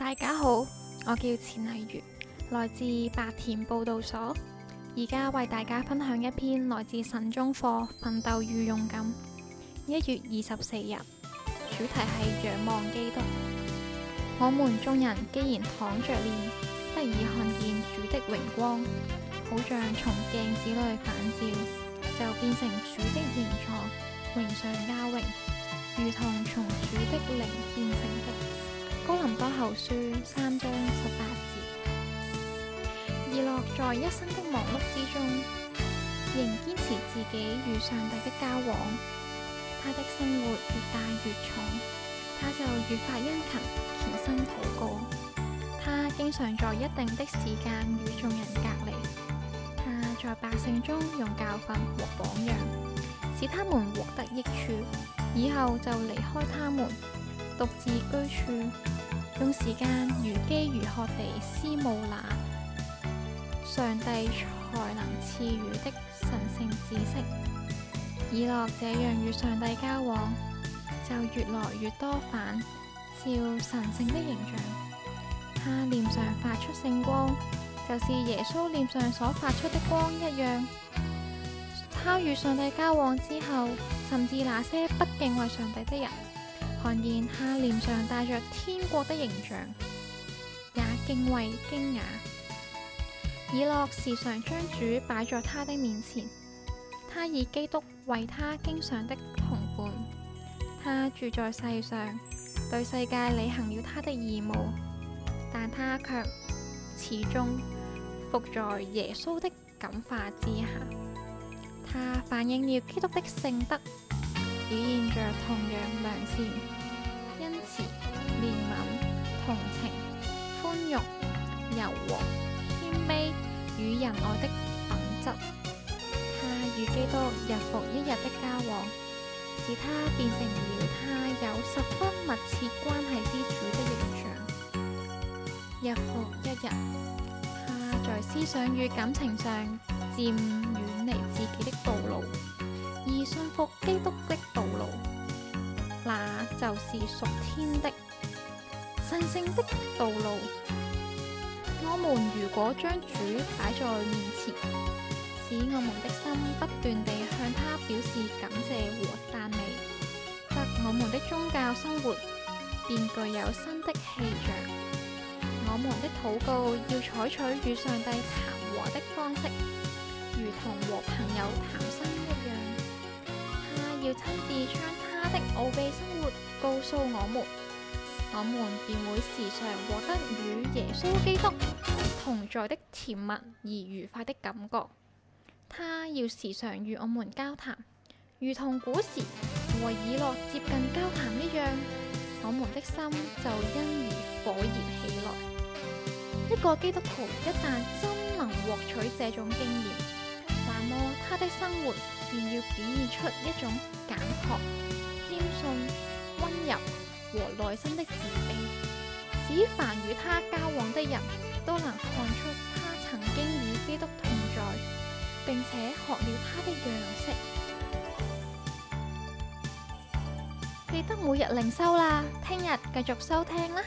大家好，我叫錢麗月，來自白田報道所，而家為大家分享一篇來自神中課奮鬥與勇敢一月二十四日，主題係仰望基督。我們眾人既然躺着臉，得以看見主的榮光，好像從鏡子裏反照，就變成主的形狀，榮上加榮，如同從主的靈變成的。《哥林多後書》三章十八節，而樂在一生的忙碌之中，仍堅持自己與上帝嘅交往。他的生活越大越重，他就越發殷勤，虔心禱告。他經常在一定的時間與眾人隔離。他在百姓中用教訓和榜樣，使他們獲得益處，以後就離開他們。獨自居處，用時間如飢如渴地思慕那上帝才能賜予的神聖知識。以諾這樣與上帝交往，就越來越多反照神聖的形象。他臉上發出聖光，就是耶穌臉上所發出的光一樣。他與上帝交往之後，甚至那些不敬畏上帝的人。看見他臉上帶着天國的形象，也敬畏驚訝。以諾時常將主擺在他的面前，他以基督為他經常的同伴。他住在世上，對世界履行了他的義務，但他却始終伏在耶穌的感化之下。他反映了基督的聖德。表現着同樣良善、恩慈、憐憫、同情、寬容、柔和、謙卑與仁愛的品質。他與基督日復一日的交往，使他變成了他有十分密切關係之主的形象。日復一日，他在思想與感情上漸遠離自己的道路，而信服基督的。就是屬天的神聖的道路。我們如果將主擺在面前，使我們的心不斷地向他表示感謝和讚美，得我們的宗教生活便具有新的氣象。我們的禱告要採取與上帝談和的方式，如同和朋友談心一樣。他要親自他的奧秘生活告訴我們，我們便會時常獲得與耶穌基督同在的甜蜜而愉快的感覺。他要時常與我們交談，如同古時和以諾接近交談一樣，我們的心就因而火熱起來。一個基督徒一旦真能獲取這種經驗，那麼他的生活便要表現出一種感覺。相信溫柔和內心的自卑，使凡與他交往的人都能看出他曾經與基督同在，並且學了他的樣式。記得每日靈修啦，聽日繼續收聽啦。